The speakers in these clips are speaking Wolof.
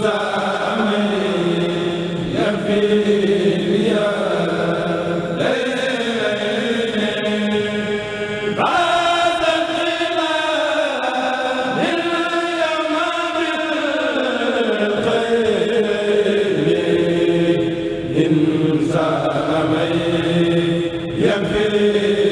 sa سلامي يغفر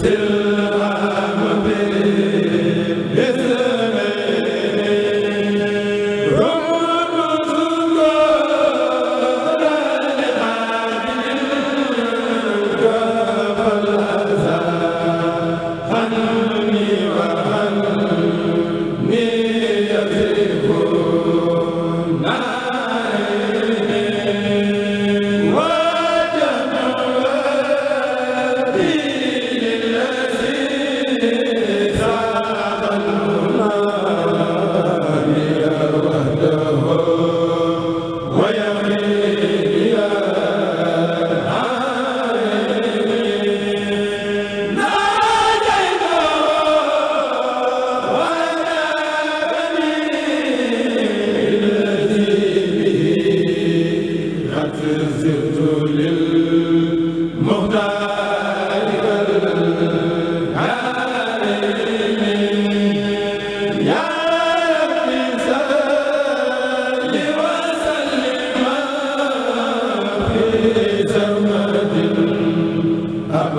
Sir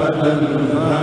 وأنهار